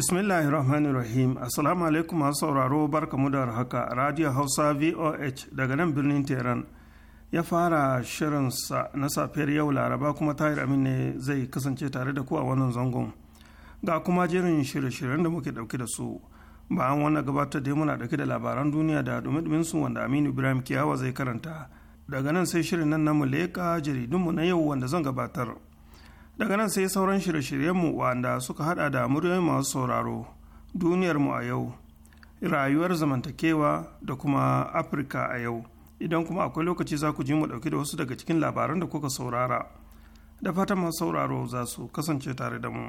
Bismillahirrahmanirrahim. Assalamu alaikum masu sauraro mu da haka Radio Hausa VOH daga nan birnin Tehran ya fara shirinsa na safiyar yau Laraba kuma Tahir Amin ne zai kasance tare da ku a wannan zangon. Ga kuma jerin shirye-shiryen da muke dauke da su. Bayan wannan gabatar da muna dauke da labaran duniya da dumi su wanda Aminu Ibrahim Kiyawa zai karanta. Daga nan sai shirin nan na mu leƙa jaridunmu na yau wanda zan gabatar. daga nan sai sauran shirye-shiryenmu wanda suka hada da muryoyin masu sauraro duniyarmu a yau rayuwar zamantakewa da kuma afirka a yau idan kuma akwai lokaci za ku ji mu dauki da wasu daga cikin labaran da kuka saurara da fatan masu sauraro za su kasance tare da mu.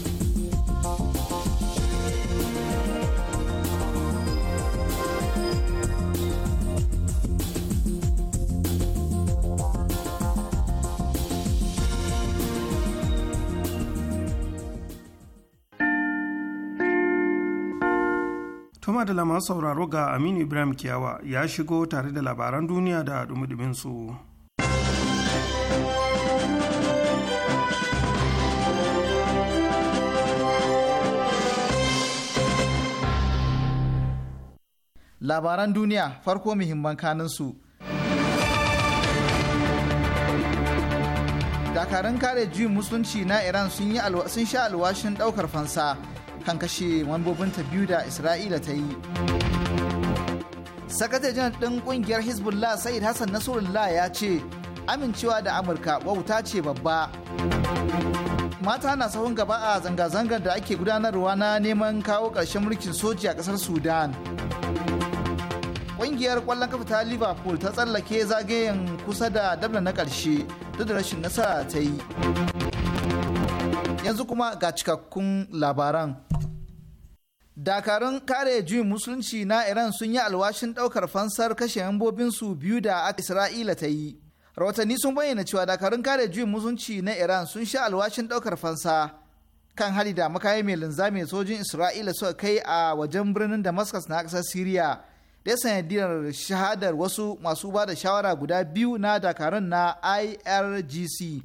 da masu sauraro ga aminu ibrahim kiyawa ya shigo tare da labaran duniya da dumi su labaran duniya farko muhimman kanin dakarun kare juyin musulunci na iran sun sha alwashin ɗaukar fansa kan kashe mambobinta biyu da isra'ila ta yi sakatare janar ɗin ƙungiyar hezbollah said hassan nasrullah ya ce amincewa da amurka wauta ce babba mata na sahun gaba a zanga-zangar da ake gudanarwa na neman kawo ƙarshen mulkin soji a ƙasar sudan ƙungiyar ƙwallon kafa ta liverpool ta tsallake zagayen kusa da dabna na ƙarshe duk da rashin nasara ta yi yanzu kuma ga cikakkun labaran dakarun kare juyin musulunci na iran sun yi alwashin daukar fansar kashe su biyu da aka isra'ila ta yi rahotanni sun bayyana cewa dakarun kare juyin musulunci na iran sun sha alwashin daukar fansa kan hali da makayi mai linzami sojin isra'ila suka kai a wajen birnin damascus na kasar syria da sanadiyar shahadar wasu masu ba da shawara guda biyu na dakarun na irgc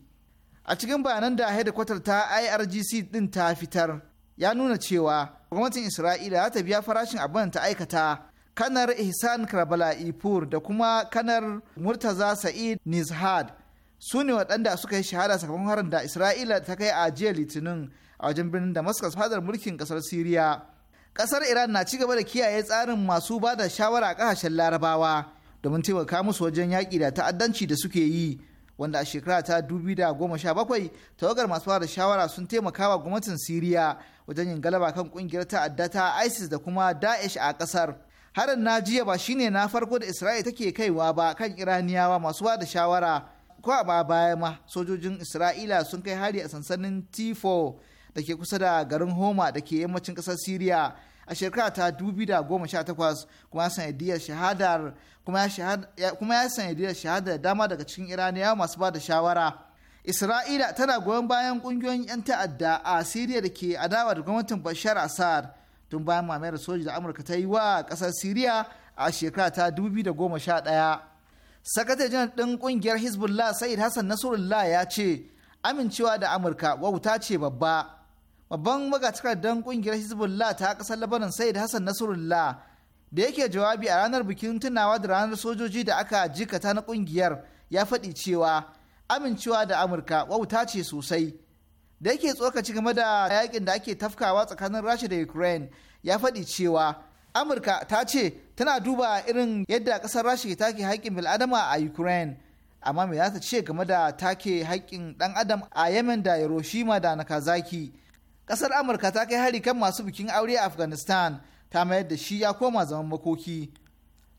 a cikin bayanan da hedikwatar ta irgc din ta fitar ya nuna cewa gwamnatin Isra'ila za ta biya farashin abin ta aikata kanar Ihsan Karbala Ipur da kuma kanar Murtaza Sa'id Nizhad su ne waɗanda suka yi shahada sakamakon harin da Isra'ila ta kai a jiya Litinin a wajen birnin Damascus fadar mulkin ƙasar Siriya. Ƙasar Iran na ci gaba da kiyaye tsarin masu ba da shawara a ƙasashen Larabawa domin taimaka musu wajen yaƙi da ta'addanci da suke yi. wanda a shekara ta dubi da sha bakwai tawagar masu da shawara sun taimaka wa gwamnatin siriya wajen yin galaba kan kungiyar ta'adda ta isis da kuma daesh a kasar harin na jiya ba shine na farko da isra'ila take kaiwa ba kan iraniyawa masu ba da shawara ko a baya ma sojojin isra'ila sun kai hari a sansanin t4 da ke kusa da garin homa da ke yammacin kasar syria a shekara ta 2018 kuma ya sanadiyar shahadar kuma ya sanadiyar shahadar dama daga cikin iraniya masu ba da shawara isra'ila tana goyon bayan ƙungiyoyin 'yan ta'adda a siriya da ke adawa da gwamnatin bashar assad tun bayan mamayar soji da amurka ta yi wa ƙasar siriya a shekara ta 2011 sakatare janar ɗin ƙungiyar hezbollah said hassan Nasirullah, ya ce amincewa da amurka wauta ce babba babban magatakardar ƙungiyar hezbollah ta kasar labanan said hassan Nasirullah, da yake jawabi a ranar bikin tunawa da ranar sojoji da aka jikata na ƙungiyar ya faɗi cewa amincewa da amurka wauta ce sosai da yake tsokaci game da yakin da ake tafkawa tsakanin rasha da ukraine ya faɗi cewa amurka ta ce tana duba irin yadda ƙasar rasha ke take haƙƙin bil'adama a ukraine amma me za ta ce game da ta ke haƙƙin ɗan adam a yemen da hiroshima da nakazaki ƙasar amurka ta kai hari kan masu bikin aure a afghanistan ta mayar da shi ya koma zaman makoki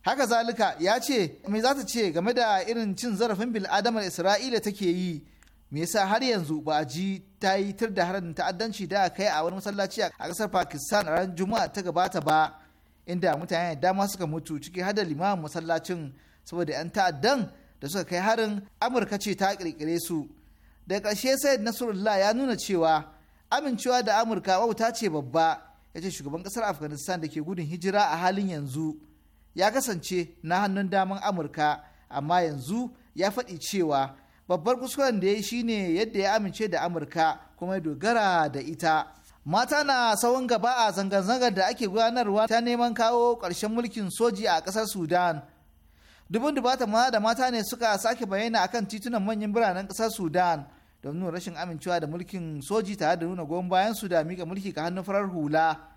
haka zalika ya ce me za ta ce game da irin cin zarafin bil'adamar isra'ila take yi me yasa har yanzu ba a ji ta yi tir da harin ta'addanci da kai a wani masallaci a ƙasar pakistan a ran juma'a ta gabata ba inda mutane da dama suka mutu ciki har da limamin masallacin saboda 'yan ta'addan da suka kai harin amurka ce ta kirkire su daga ƙarshe said nasrullah ya nuna cewa amincewa da amurka wauta ce babba ya ce shugaban ƙasar afghanistan da ke gudun hijira a halin yanzu ya kasance na hannun daman amurka amma yanzu ya faɗi cewa babbar kuskuren da ya yi shine yadda ya amince da amurka kuma ya dogara da ita mata na tsawon gaba a zanga-zangar da ake gudanarwa ta neman kawo ƙarshen mulkin soji a ƙasar sudan dubin dubata maza da mata ne suka sake bayyana akan titunan manyan biranen ƙasar sudan domin rashin amincewa da mulkin soji tare da nuna goyon bayan su da miƙa mulki ga hannun farar hula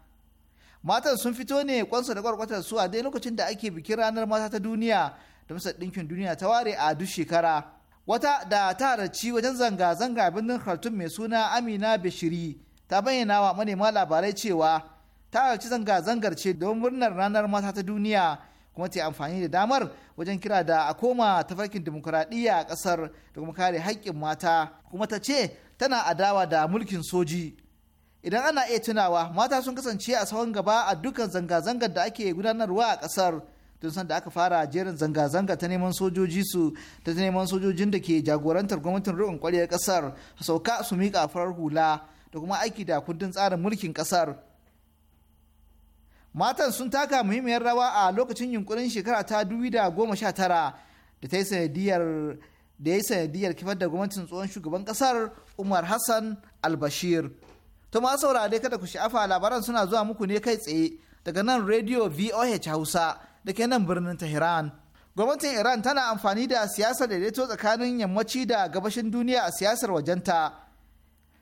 matan sun fito ne kwansu da kwarkwatar su a dai lokacin da ake bikin ranar mata ta duniya da masa ɗinkin duniya ta ware a duk shekara wata da ta harci wajen zanga-zanga birnin khartoum mai suna amina bashiri ta bayyana wa manema labarai cewa ta harci zanga-zangar ce don murnar ranar mata ta duniya kuma ta amfani da damar wajen kira da a koma tafarkin dimokuraɗiyya a ƙasar da kuma kare haƙƙin mata kuma ta ce tana adawa da mulkin soji idan ana iya tunawa mata sun kasance a tsawon gaba a dukkan zanga-zangar da ake gudanarwa a kasar tun sanda aka fara jerin zanga-zanga ta neman sojoji su ta neman sojojin da ke jagorantar gwamnatin ruwan kwaliyar kasar sauka su miƙa farar hula da kuma aiki da kundin tsarin mulkin kasar matan sun taka muhimmiyar rawa a lokacin yunkurin shekara ta dubi da goma sha tara da ta yi sanadiyar da ya yi sanadiyar kifar da gwamnatin tsohon shugaban kasar umar hassan albashir To ma saurare kada ku sha'afa labaran suna zuwa muku ne kai tsaye daga nan Radio VOH Hausa da ke nan birnin Tehran. Gwamnatin Iran tana amfani da siyasar daidaito tsakanin yammaci da gabashin duniya a siyasar wajenta.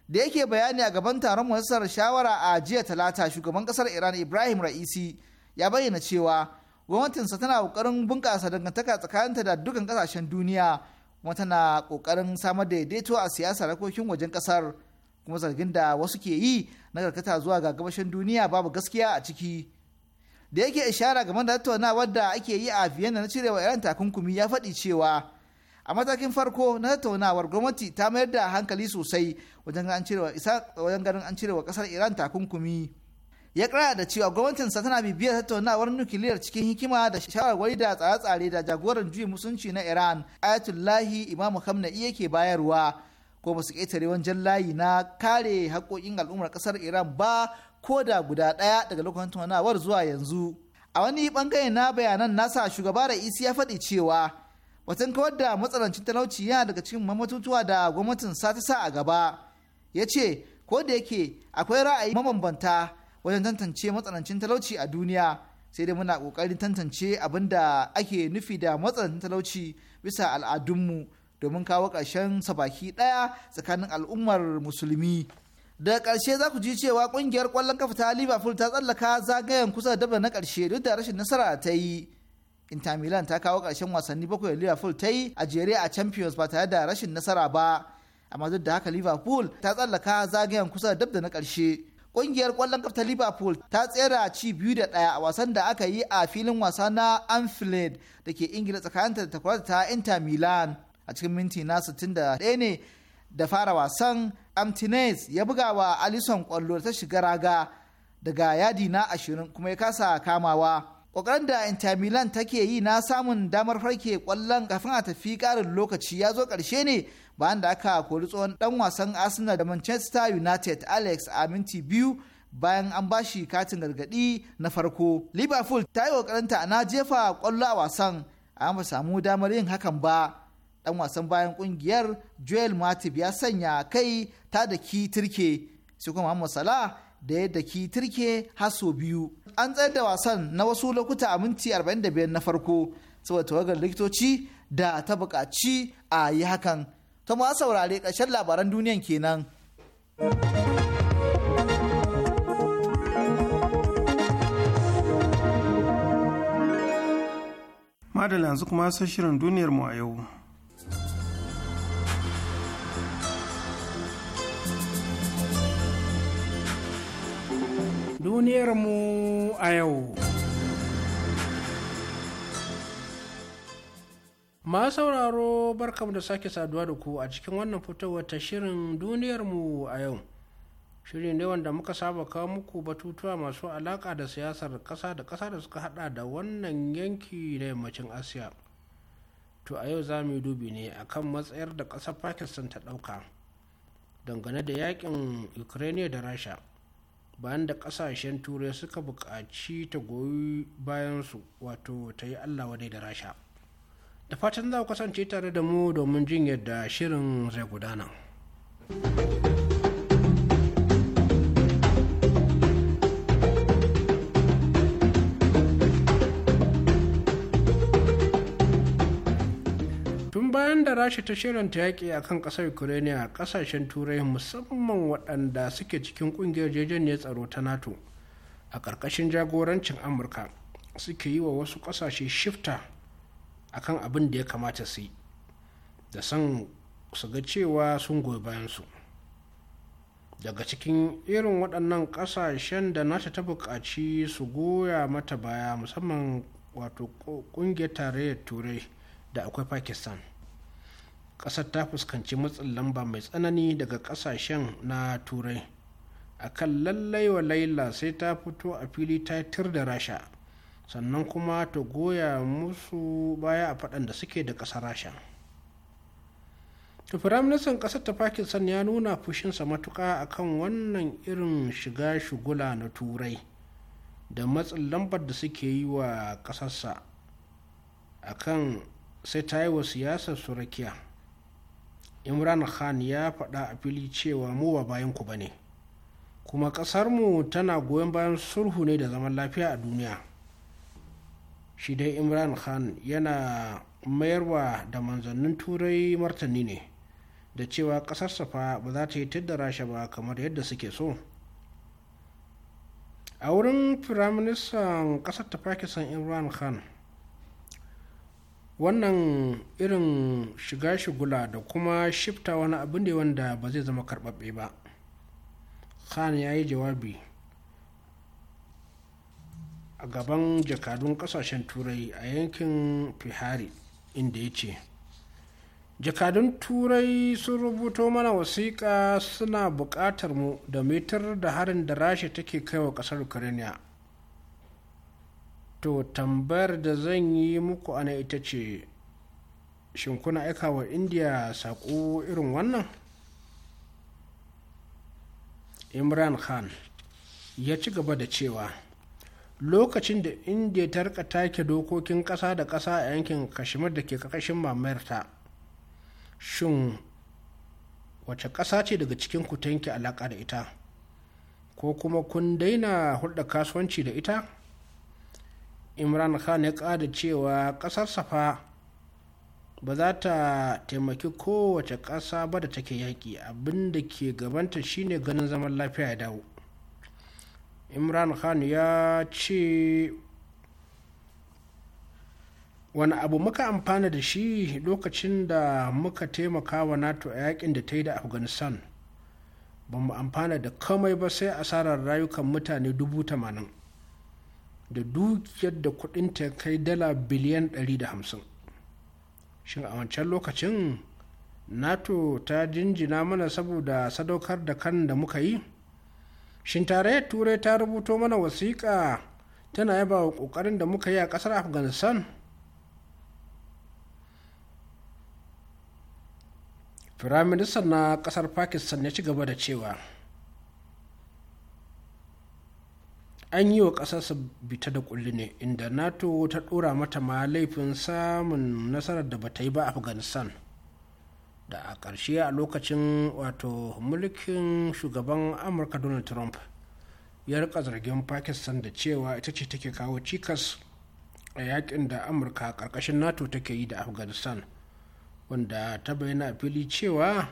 Da yake bayani a gaban taron majalisar shawara a jiya talata shugaban kasar Iran Ibrahim Ra'isi ya bayyana cewa gwamnatinsa tana kokarin bunƙasa dangantaka tsakaninta da dukkan kasashen duniya kuma tana kokarin samar da daidaito a siyasar harkokin wajen kasar. kuma zargin da wasu ke yi na karkata zuwa ga gabashin duniya babu gaskiya a ciki da yake ishara game da tattaunawar da ake yi a Vienna na cirewa Iran takunkumi ya faɗi cewa a matakin farko na tattaunawar gwamnati ta mayar da hankali sosai wajen ganin an cirewa kasar Iran takunkumi ya kara da cewa gwamnatin sa tana bibiyar tattaunawar nukiliyar cikin hikima da shawarwari da tsare-tsare da jagoran juyin musulunci na Iran Ayatullahi Imam Khamenei yake bayarwa ko ba su ƙetare wajen layi na kare haƙoƙin al'ummar ƙasar iran ba ko da guda ɗaya daga lokacin tunawar zuwa yanzu a wani bangare na bayanan nasa shugaba da isi ya faɗi cewa watan kawar da matsalancin talauci yana daga cikin mamatutuwa da gwamnatin sa sa a gaba ya ce ko da yake akwai ra'ayi mabambanta wajen tantance matsalancin talauci a duniya sai dai muna ƙoƙarin tantance abin da ake nufi da matsalancin talauci bisa al'adunmu domin kawo ƙarshen sabaki ɗaya tsakanin al'ummar musulmi Da ƙarshe za ku ji cewa ƙungiyar ƙwallon kafa ta liverpool ta tsallaka zagayen kusa da na ƙarshe duk da rashin nasara ta yi inter milan ta kawo ƙarshen wasanni bakwai da liverpool ta yi a jere a champions ba tare da rashin nasara ba amma duk da haka liverpool ta tsallaka zagayen kusa da da na ƙarshe ƙungiyar ƙwallon kafa ta liverpool ta tsera ci biyu da ɗaya a wasan da aka yi a filin wasa na anfield da ke ingila tsakaninta da ta inter milan a cikin minti na 61 ne da fara wasan amtinez ya buga wa alison kwallo ta shiga raga daga yadi na 20 kuma ya kasa kamawa kokarin da inter milan take yi na samun damar farke kwallon kafin a tafi karin lokaci ya zo karshe ne bayan da aka kori tsohon dan wasan arsenal da manchester united alex a minti biyu bayan an bashi katin gargadi na farko liverpool ta yi kokarinta na jefa kwallo a wasan amma samu damar yin hakan ba dan wasan bayan kungiyar joel matip ya sanya kai ta da ki turke sai kuma muhammad salah da ya da ki turke har so biyu an tsayar da wasan na wasu lokuta a minti 45 na farko saboda tawagar likitoci da ta buƙaci a yi hakan ta ma saurare ƙarshen labaran duniyan kenan. madalla yanzu kuma sashirin duniyar mu a yau duniyarmu a yau. Ma sauraro barkamu da sake saduwa da ku a cikin wannan fitowar ta shirin duniyarmu a yau. shirin ne wanda muka saba kawo muku batutuwa masu alaƙa da siyasar ƙasa da ƙasa da suka hada da wannan yanki na yammacin Asiya. To a yau za mu yi dubi ne akan matsayar da ƙasar Pakistan ta ɗauka dangane da yakin Ukraine da Rasha. bayan da kasashen turai suka buƙaci ta goyi bayansu wato ta yi allah wadai da rasha da fatan za ku kasance tare da mu domin jin yadda shirin zai gudana. bayan da rashi ta shirinta yaƙi a kan ƙasar ukraine a ƙasashen turai musamman waɗanda suke cikin ƙungiyar ne tsaro ta nato a ƙarƙashin jagorancin amurka suke yi wa wasu ƙasashe shifta a kan abin da ya kamata su yi da san su ga cewa sun goyi bayansu daga cikin irin waɗannan ƙasashen da nata ta buƙaci su goya mata baya musamman wato ƙungiyar tarayyar turai da akwai pakistan kasar ta fuskanci matsin lamba mai tsanani daga kasashen na turai a kan lallai wa laila sai ta fito a fili ta tir da rasha sannan kuma ta goya musu baya a faɗan da suke da ƙasar rasha firaministan ƙasar ta pakistan ya nuna fushinsa matuƙa kan wannan irin shiga shugula na turai da matsin lambar da suke yi wa ƙasarsa kan sai ta yi wa siyasar surakiya imran khan ya faɗa a fili cewa mu ba bayan ku bane kuma ƙasarmu tana goyon bayan sulhu ne da zaman lafiya a duniya shi dai imran khan yana mayarwa da manzannin turai martani ne da cewa ƙasarsa fa ba za ta yi taddara rasha ba kamar yadda suke so a wurin firaministan ƙasar ta pakistan imran khan wannan irin shiga shigula da kuma shifta wani abu ne wanda ba zai zama karbabbe ba khan ya yi jawabi a gaban jakadun kasashen turai a yankin fihari inda ya ce jakadun turai sun rubuto mana wasiƙa suna buƙatar mu da mitar da harin da rasha take kaiwa wa ƙasar ukraine to tambayar da zan yi muku ana ita ce shin kuna aika wa indiya saƙo irin wannan imran khan ya ci gaba da cewa lokacin da indiya ta rika take dokokin ƙasa da ƙasa a yankin kashmir da ke ƙarƙashin mamayarta shin wace ƙasa ce daga cikin ku tanki alaƙa da ita ko kuma kun daina hulɗa kasuwanci da ita imran khan ya kada cewa ƙasar safa ba za ta taimaki kowace ƙasa ba da take yaƙi abinda ke gabanta shine ganin zaman lafiya ya dawo imran khan ya ce wani abu muka amfana da shi lokacin da muka taimaka wa nato a yakin da ta yi da afghanistan ba mu amfana da komai ba sai asarar rayukan mutane dubu tamanin da dukiyar da kudinta ya kai dala biliyan 150 shin a wancan lokacin nato ta jinjina mana saboda sadaukar da kan da muka yi shin tarayyar turai ta rubuto mana wasiƙa tana yaba wa ƙoƙarin da muka yi a ƙasar afghanistan firaministan na ƙasar pakistan ya ci gaba da cewa an yi wa ƙasarsa bita da kulli ne inda nato ta ɗora mata ma laifin samun nasarar da bata yi ba afghanistan da a ƙarshe a lokacin wato mulkin shugaban amurka donald trump ya rika zargin pakistan da cewa ita ce take kawo cikas a yakin da amurka ƙarƙashin nato take yi da afghanistan wanda ta bayyana a fili cewa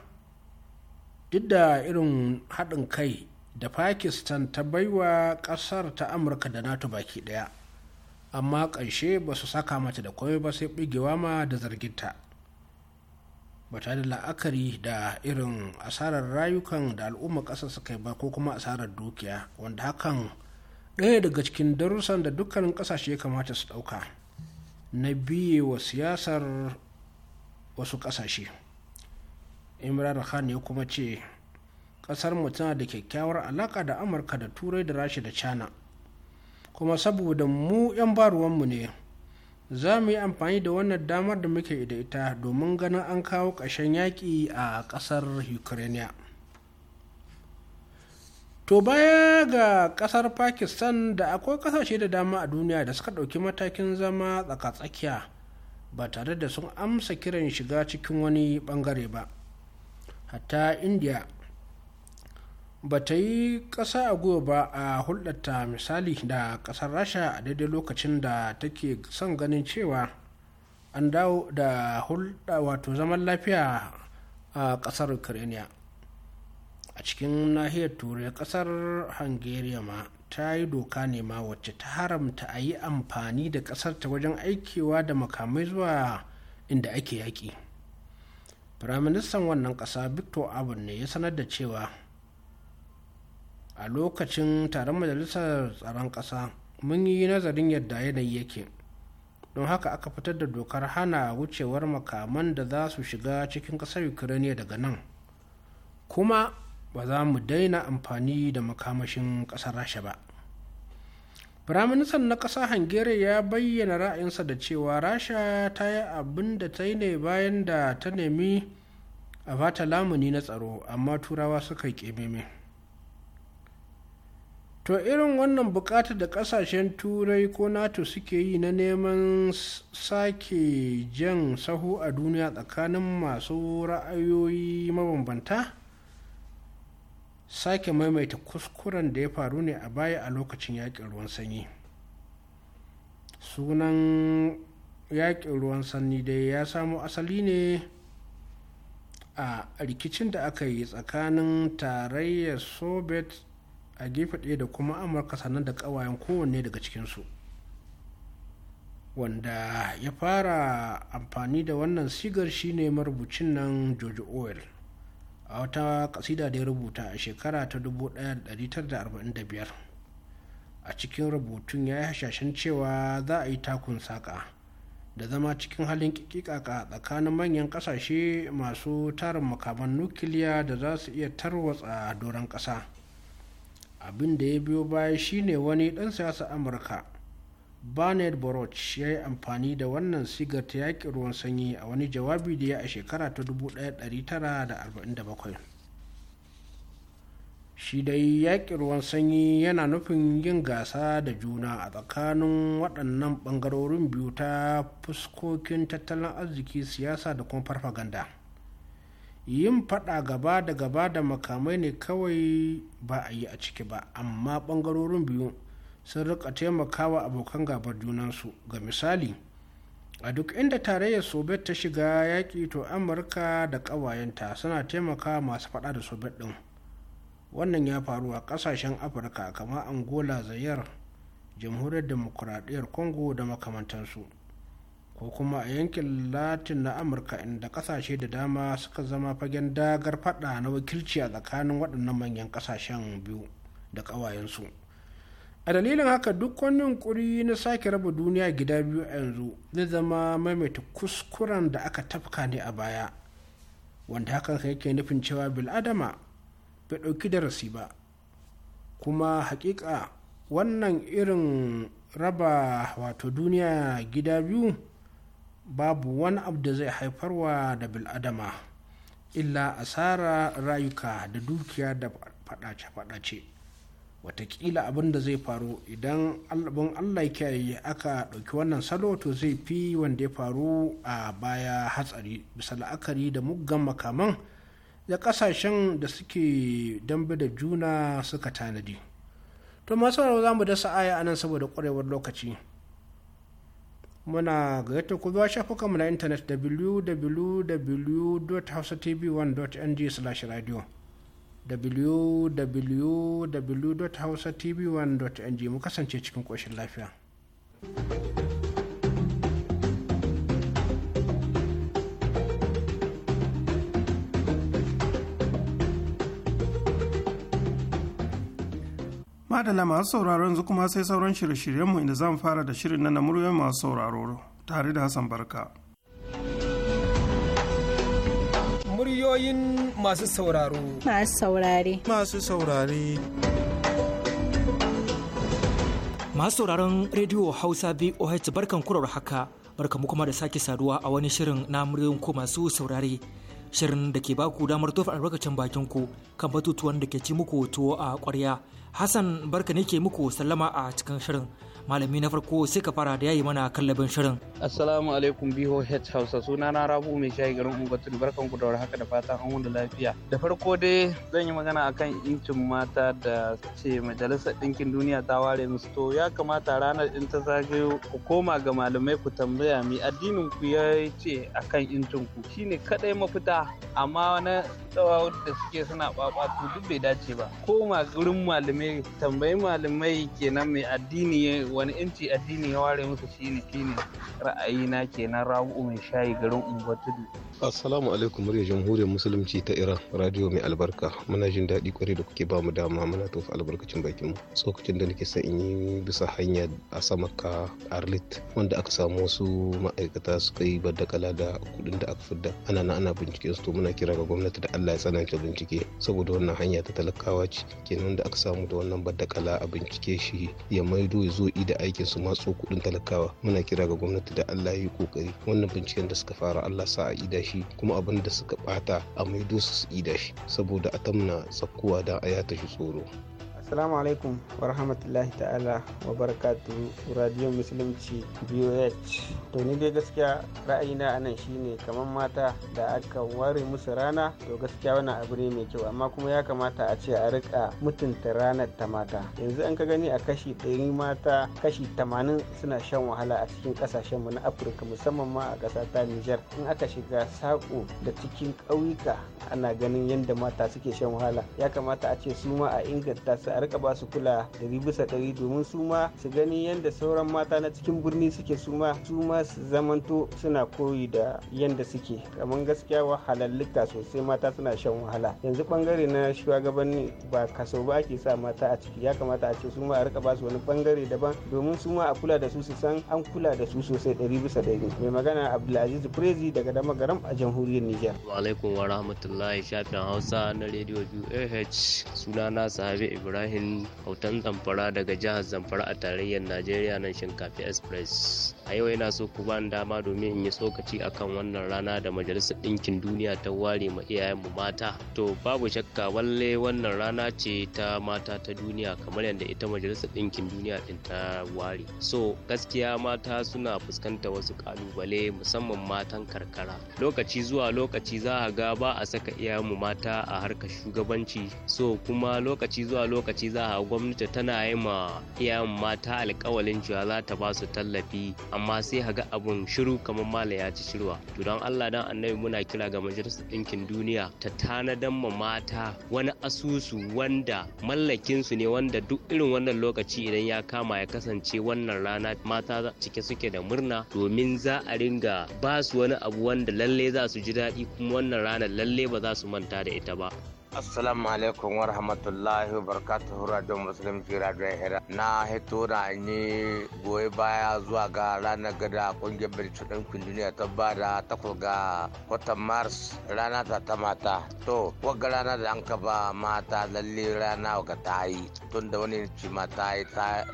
duk da irin haɗin kai da pakistan ta baiwa kasar ta amurka da nato baki daya amma ƙarshe ba su saka mata da komai ba sai bigewa ma da zarginta ba tare da la'akari da irin asarar rayukan da al'umma ƙasar suka yi ba ko kuma asarar dukiya wanda hakan ɗaya daga cikin darussan da dukkanin ƙasashe ya kamata su ɗauka na biye wa siyasar wasu ƙasashe imran khan ya kuma ce kasar mu tana da kyakkyawar alaka da amurka da turai da rashi da china kuma saboda mu 'yan baruwanmu ne za mu yi amfani da wannan damar da muke da ita domin ganin an kawo ƙashen yaƙi a ƙasar ukraine to baya ga ƙasar pakistan da akwai ƙasashe da dama a duniya da suka ɗauki matakin zama tsaka-tsakiya ba tare da sun amsa kiran shiga cikin wani ɓangare ba hatta india ba ta yi ƙasa a guba ba a hulɗata misali da ƙasar rasha a daidai lokacin da take son ganin cewa an dawo da hulɗa wato zaman lafiya a ƙasar ukraine a cikin nahiyar turai ƙasar hungaria ma ta yi doka ne ma wacce ta haramta a yi amfani da ƙasar ta wajen aikewa da makamai zuwa inda ake yaƙi firaministan wannan ƙasa victor abu ne ya sanar da cewa a lokacin taron majalisar tsaron ƙasa mun yi nazarin yadda yanayi yake don haka aka fitar da dokar hana wucewar makaman da za su shiga cikin ƙasar ukraine daga nan kuma ba za mu daina amfani da makamashin ƙasar rasha ba firaministan na ƙasa hungary ya bayyana ra'ayinsa da cewa rasha ta yi abin da ta yi ne bayan da ta nemi a bata lamuni na tsaro amma turawa suka yi ƙememe. to irin wannan bukatar da kasashen turai ko nato suke yi na neman sake jan sahu a duniya tsakanin masu ra'ayoyi mabambanta sake maimaita kuskuren da ya faru ne a baya a lokacin yakin ruwan sanyi sunan yakin ruwan sanyi dai ya samo asali ne a rikicin da aka yi tsakanin tarayyar soviet a gefe ɗaya da kuma amurka sannan da ƙawayen kowanne daga cikinsu wanda ya fara amfani da wannan sigar shine marubucin nan george orwell a wata ƙasida da ya rubuta a shekara ta 1945 a cikin rubutun ya yi hashashen cewa za a yi takun saƙa da zama cikin halin kikikaka tsakanin manyan ƙasashe masu tarin makaman nukiliya da za su iya tarwatsa doron ƙasa abin da ya biyo baya shine wani ɗan siyasa amurka Barnard baruch ya yi amfani da wannan sigar ta yaƙi ruwan sanyi a wani jawabi da ya a shekara ta 1947 shi dai yaƙi ruwan sanyi yana nufin yin gasa da juna a tsakanin waɗannan ɓangarorin biyu ta fuskokin tattalin arziki siyasa da kuma farfaganda. yin fada gaba da gaba da makamai ne kawai ba a yi a ciki ba amma bangarorin biyu sun rika taimakawa abokan gabar junansu ga misali a duk inda tarayyar soviet ta shiga yaƙi to amurka da ƙawayenta suna taimakawa masu fada da soviet din wannan ya faru a ƙasashen afirka kamar angola zayar jamhuriyar demokuraɗiyyar congo da makamantansu ko kuma a yankin latin na amurka inda kasashe da dama suka zama fagen dagar fada na wakilci a tsakanin waɗannan manyan kasashen biyu da ƙawayensu a dalilin haka duk wani yunkuri na sake raba duniya gida biyu a yanzu zai zama maimaita kuskuren da aka tafka ne a baya wanda hakan yake nufin cewa bil'adama bai ɗauki darasi ba kuma hakika wannan irin raba wato duniya gida biyu babu wani abu da zai haifarwa da bil'adama illa asara rayuka da dukiya da fadace-fadace watakila abin da zai faru idan albin allah kiyaye aka ɗauki wannan salo to zai fi wanda ya faru a baya hatsari bisa la'akari da muggan makaman da ƙasashen da suke dambe da juna suka tanadi to masu za mu dasa aya anan saboda ƙwarewar lokaci muna gayyata ku zuwa shafukanmu na intanet www.hausatv1.ng/radio www.hausatv1.ng mu kasance cikin koshin lafiya. thank you madala masu sauraron yanzu kuma sai sauran shirye-shiryenmu inda zan fara da shirin na muryoyin masu sauraro tare da hassan barka muryoyin masu sauraro masu saurare masu saurare masu sauraron rediyo hausa voh barkan kurar haka barka mu kuma da sake saduwa a wani shirin na muryoyin ko masu saurare shirin da ke baku damar tofa albarkacin bakin ku kan batutuwan da ke ci muku tuwo a ƙwarya Hassan barka ne ke muku sallama a cikin shirin malami na farko sai ka fara da yayi mana kallabin shirin assalamu alaikum biho h hausa suna na rabu mai shayi garin ungwatun barkan ku da haka da fatan an wanda lafiya da farko dai zan yi magana akan incin mata da ce majalisar ɗinkin duniya ta ware musu to ya kamata ranar in ta zagayo ku koma ga malamai ku tambaya mi addinin ku ya ce akan incin ku shine kadai mafita amma na tsawa da suke suna babatu duk bai dace ba koma gurin malamai tambayi malamai kenan mai addini wani yanci addini ya ware musu shine shine ra'ayi na kenan rabu'u mai shayi garin unguwar tudu Assalamu alaikum murya jamhuriyar musulunci ta Iran radio mai albarka muna jin daɗi kwarai da kuke bamu dama muna tofa albarkacin bakin mu tsokacin da nake sa in yi bisa hanya a ka Arlit wanda aka samu wasu ma'aikata su yi badakala da kuɗin da aka fidda ana na ana bincike su to muna kira ga gwamnati da Allah ya tsananta bincike saboda wannan hanya ta talakawa ce kenan da aka samu da wannan badakala a bincike shi ya maido ya zo i da aikin su matso kuɗin talakawa muna kira ga gwamnati da Allah ya yi kokari wannan binciken da suka fara Allah sa a ida shi kuma abin da suka bata a maido su su da shi saboda a tamna tsakkuwa da a yata shi tsoro Assalamu alaikum wa rahmatullahi ta'ala wa barakatu radio musulunci BOH. To ni dai gaskiya ra'ayina anan shine kamar mata da aka ware musu rana to gaskiya wani abu ne mai kyau amma kuma ya kamata a ce a rika mutunta ranar ta mata. Yanzu an ka gani a kashi ɗari mata kashi tamanin suna shan wahala a cikin ƙasashen mu na Afirka musamman ma a ƙasa ta Nijar. In aka shiga saƙo da cikin ƙauyuka ana ganin yadda mata suke shan wahala. Ya kamata a ce su ma a inganta su a rika ba su kula dari bisa ɗari domin su ma su gani yadda sauran mata na cikin birni suke su ma su ma su zamanto suna koyi da yadda suke kamar gaskiya wahalallika sosai mata suna shan wahala yanzu bangare na shugabanni ba kaso ba ake sa mata a ciki ya kamata a ce su ma a rika ba su wani bangare daban domin su ma a kula da su su san an kula da su sosai ɗari bisa ɗari mai magana abdulaziz prezi daga dama garam a jamhuriyar niger alaikum wa rahmatullahi shafin hausa na rediyo ah sunana sahabi ibrahim ibrahim hautan zamfara daga jihar zamfara a tarayyar najeriya nan shinkafi express a yau yana so ku bani dama domin in yi tsokaci akan wannan rana da majalisar ɗinkin duniya ta ware ma iyayenmu mata to babu shakka wallai wannan rana ce ta mata ta duniya kamar yadda ita majalisar ɗinkin duniya ɗin ta ware so gaskiya mata suna fuskanta wasu ƙalubale musamman matan karkara lokaci zuwa lokaci za a ga ba a saka iyayenmu mata a harkar shugabanci so kuma lokaci zuwa lokaci za a gwamnati tana yi ma iyayen mata alkawalin cewa za ta ba su tallafi amma sai haga abun shiru kamar mala ya ci shirwa to don Allah dan annabi muna kira ga majalisar ɗinkin duniya ta tanadan ma mata wani asusu wanda mallakin su ne wanda duk irin wannan lokaci idan ya kama ya kasance wannan rana mata cike suke da murna domin za a ringa ba su wani abu wanda lalle za su ji daɗi kuma wannan rana lalle ba za su manta da ita ba assalamu alaikum wa rahmatullahi wa barakatuhu radio muslim jira hira na hito da ni goyi baya zuwa ga ranar gada kungiyar birci ɗinkin duniya ta da takwas ga watan mars rana ta ta mata to wagga rana da an kaba mata lalle rana ga ta yi tun da wani ci mata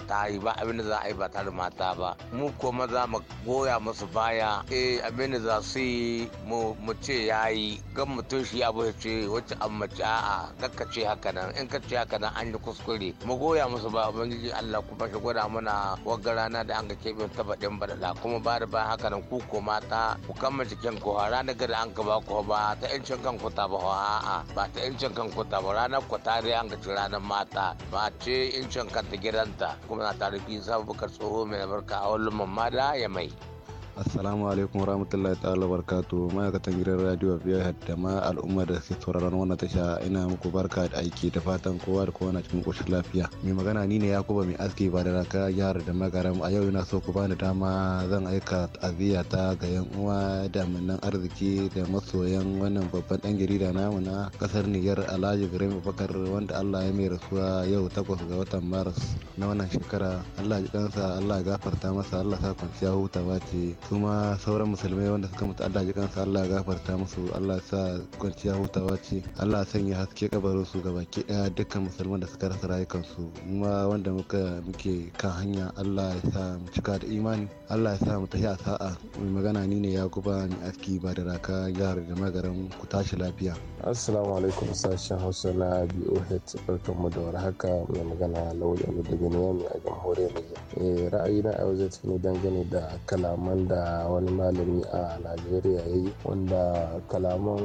ta yi ba abin da za a yi ba tare mata ba mu ko maza mu goya musu baya eh abin da za su yi mu ce ya yi gan mutum shi abu ce wacce an mace a'a kakkace haka nan in kace haka nan an yi kuskure mu goya musu ba ubangiji Allah kuma shi gwada mana wagga rana da an ga kebe ta baɗin baɗaɗa kuma ba da bayan haka nan ku ko mata ku kama jikin ku ranar da an ga ba ku ba ta yancin kan ku ta ba a'a ba ta yancin kan ku ta ba ranar ku ta an ga ranar mata ba ce yancin kan ta gidanta kuma na tarifi sabu bukar tsoho mai barka a wani da ya mai. assalamu alaikum warahmatullahi ta'ala barkatu ma'aikatan gidan radio biyar da ma al'umma da suke sauraron wannan tasha ina muku barka da aiki da fatan kowa da kowa na cikin koshin lafiya mai magana ni ne yakuba mai aski ba da raka jihar da magaram a yau ina so ku bani dama zan aika aziya ta ga yan uwa da munnan arziki da masoyan wannan babban ɗan jarida namu na kasar niger alhaji ibrahim bakar wanda allah ya mai rasuwa yau takwas ga watan maris na wannan shekara allah ji kansa allah ya gafarta masa allah sa kwanciya hutawa ce su ma sauran musulmai wanda suka mutu Allah ji kansa Allah gafarta musu Allah sa kwanciya hutawa ce Allah sanya haske kabarin su gabaki daya dukkan musulman da suka rasa rayukansu kuma wanda muka muke kan hanya Allah ya sa mu cika da imani Allah ya sa mu tafi a sa'a mai magana ni ne ya kuba ni aski ba da raka yar da magaran ku tashi lafiya assalamu alaikum sashen Hausa na BOH mu da warhaka mai magana Lawal da Benin a jamhuriyar Niger eh, ra'ayi na yau zai tafi dangane da kalaman da wani malami a najeriya ya yi wanda kalaman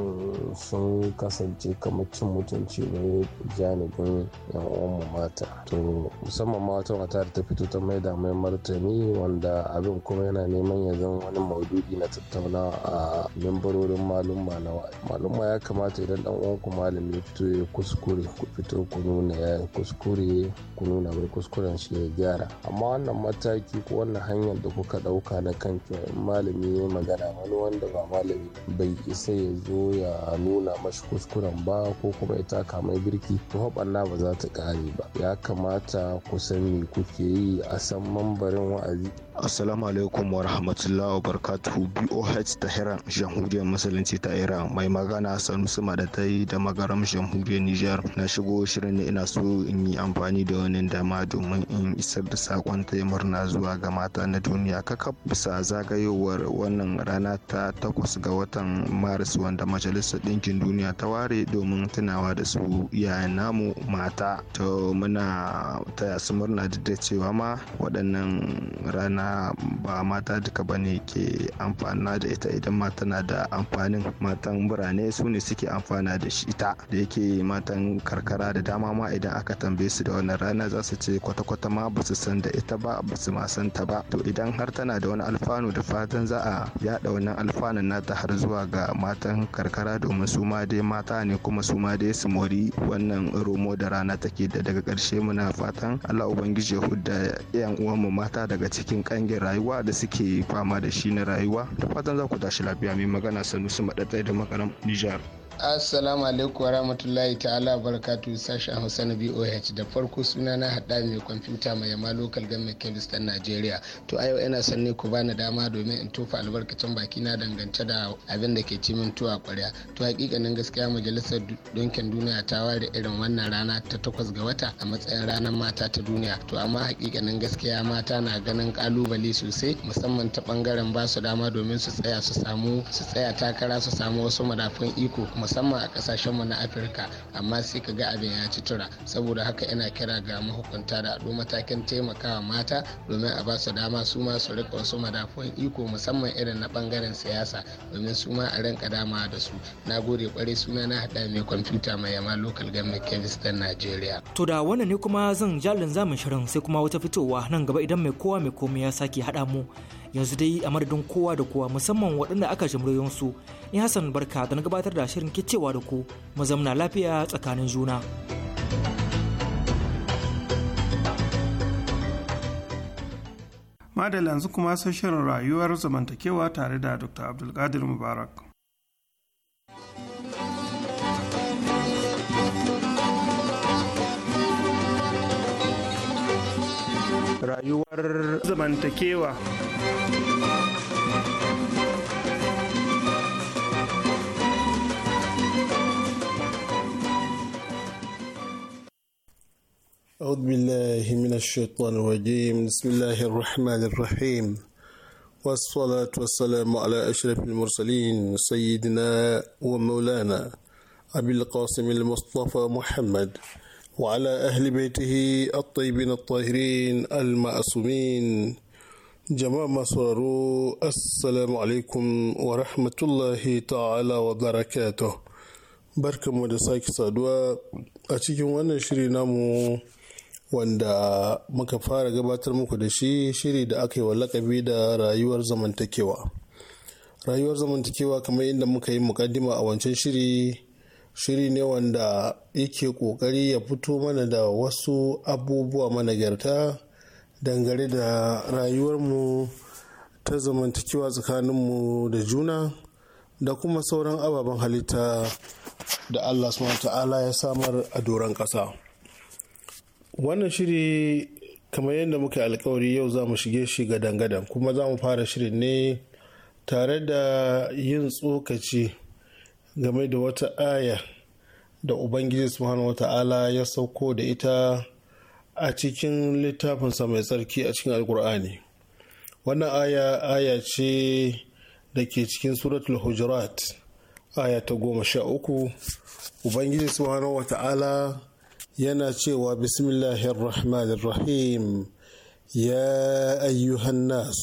sun kasance kamar cin mutunci ne janibin yan uwanmu mata to musamman ma wata mata da ta fito ta mai da mai martani wanda abin kuma yana neman ya zama wani maududi na tattauna a membarorin malumma na malumma ya kamata idan dan ku malami ya fito ya kuskure ku fito ku nuna ya kuskure ku nuna mai kuskuren shi ya gyara amma wannan mataki ko wannan hanyar da kuka dauka na kanki da in malami ya magana wani wanda ba malami bai isa ya zo ya nuna mashi kuskuren ba ko kuma ya taka mai birki to haɓanna ba za ta ƙare ba ya kamata ku san me kuke yi a san mambarin wa'azi Assalamu alaikum wa rahmatullahi wa barakatuhu BOH Tahiran Jamhuriyar Musulunci ta Iran mai magana Sanusi Madatai da magaram Jamhuriyar Nijar na shigo shirin ne ina so in yi amfani da wani dama domin in isar da sakon taimar murna zuwa ga mata na duniya kakab bisa zaga zagayowar wannan rana ta takwas ga watan maris wanda majalisar ɗinkin duniya ta ware domin tunawa da su yayan namu mata to muna taya su murna da cewa ma waɗannan rana ba mata duka ba ne ke amfana da ita idan ma tana da amfanin matan birane su ne suke amfana da ita da yake matan karkara da dama ma idan aka tambaye su da wannan rana za su ce kwata-kwata ma ba su san da ita ba ba su ma san ta ba to idan har tana da wani alfanu da da fatan za a yaɗa wannan alfanun nata har zuwa ga matan karkara domin su ma dai mata ne kuma su ma dai su mori wannan romo da rana take da daga karshe muna fatan allah ubangiji ya hudda yan uwanmu mata daga cikin kangin rayuwa da suke fama da shi na rayuwa da fatan za ku tashi lafiya mai magana sanusi maɗaɗɗai da makaran nijar. assalamu alaikum wa rahmatullahi ta'ala barakatu sashen hausa na boh da farko suna na hada mai kwamfuta mai yamma local government kebis nigeria to a yau ina son ku bani dama domin in tofa albarkacin baki na dangance da abin da ke ci min tuwa kwarya to hakikanin gaskiya majalisar donkin duniya ta ware irin wannan rana ta takwas ga wata a matsayin ranar mata ta duniya to amma hakikanin gaskiya mata na ganin kalubale sosai musamman ta bangaren ba su dama domin su tsaya su samu su tsaya takara su samu wasu madafun iko musamman a kasashen mu na afirka amma sai ka ga abin ya ci tura saboda haka yana kira ga mahukunta da ado matakin taimakawa mata domin a ba su dama su ma su rika wasu madafun iko musamman irin na bangaren siyasa domin su ma a rinka dama da su na gode kwarai suna na hada mai kwamfuta mai yama local government kebistan nigeria to da wannan ne kuma zan jalin zamin shirin sai kuma wata fitowa nan gaba idan mai kowa mai komai ya sake haɗa mu yanzu dai a madadin kowa da kowa musamman waɗanda aka jimriyon su in hassan barka da na gabatar da shirin kicewa da ku mu zamna lafiya tsakanin juna madalla kuma sashen rayuwar zamantakewa tare da dr abdulkadir mubarak zamantakewa أعوذ بالله من الشيطان الرجيم بسم الله الرحمن الرحيم والصلاة والسلام على أشرف المرسلين سيدنا ومولانا أبي القاسم المصطفى محمد وعلى أهل بيته الطيبين الطاهرين المعصومين جماعة مسرروا السلام عليكم ورحمة الله تعالى وبركاته بركة Saduwa, سادوا أتيكم وانا شري نامو wanda muka fara gabatar muku da shi shiri da aka yi wa lakabi da rayuwar zamantakewa rayuwar zamantakewa kamar inda muka yi mukaddima a wancan shiri shiri ne wanda yake kokari ya fito mana da wasu abubuwa managarta dangare da rayuwarmu ta zamantakewa tsakaninmu da juna da kuma sauran ababen halitta da allah ta'ala ya samar a doron ƙasa wannan shiri kamar yadda muka alkawari yau za mu shige shi ga dangadan kuma za mu fara shirin ne tare da yin tsokaci game da wata aya da ubangiji subhanahu wata'ala ya sauko da ita a cikin littafinsa mai tsarki a cikin alkur'ani wannan aya aya ce da ke cikin suratul hujurat aya ta goma sha uku ubangiji subhanahu wata'ala yana cewa bismillahirrahmanirrahim ya ayyuhan nas